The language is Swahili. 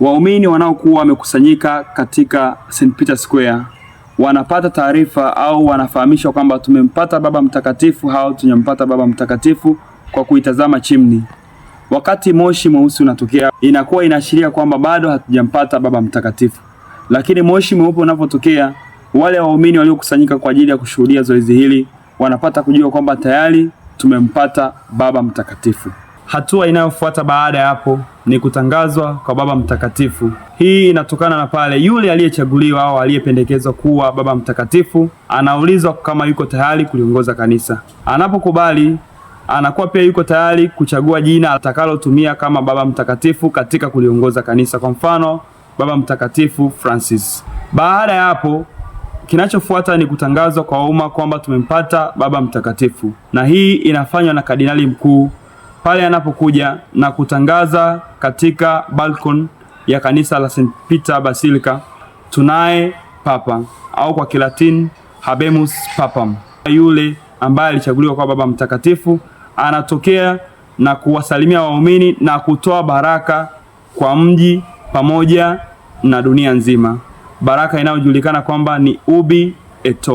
Waumini wanaokuwa wamekusanyika katika St. Peter Square wanapata taarifa au wanafahamishwa kwamba tumempata Baba Mtakatifu au tunyampata Baba Mtakatifu kwa kuitazama chimni. Wakati moshi mweusi unatokea, inakuwa inaashiria kwamba bado hatujampata Baba Mtakatifu, lakini moshi mweupe unapotokea, wale waumini waliokusanyika kwa ajili ya kushuhudia zoezi hili wanapata kujua kwamba tayari tumempata Baba Mtakatifu. Hatua inayofuata baada ya hapo ni kutangazwa kwa Baba Mtakatifu. Hii inatokana na pale yule aliyechaguliwa au aliyependekezwa kuwa Baba Mtakatifu anaulizwa kama yuko tayari kuliongoza kanisa. Anapokubali, anakuwa pia yuko tayari kuchagua jina atakalotumia kama Baba Mtakatifu katika kuliongoza kanisa, kwa mfano Baba Mtakatifu Francis. Baada ya hapo kinachofuata ni kutangazwa kwa umma kwamba tumempata Baba Mtakatifu, na hii inafanywa na Kardinali Mkuu pale anapokuja na kutangaza katika balkon ya kanisa la St Peter Basilica, tunaye papa au kwa kilatin habemus papam, yule ambaye alichaguliwa kwa Baba Mtakatifu anatokea na kuwasalimia waumini na kutoa baraka kwa mji pamoja na dunia nzima, baraka inayojulikana kwamba ni ubi et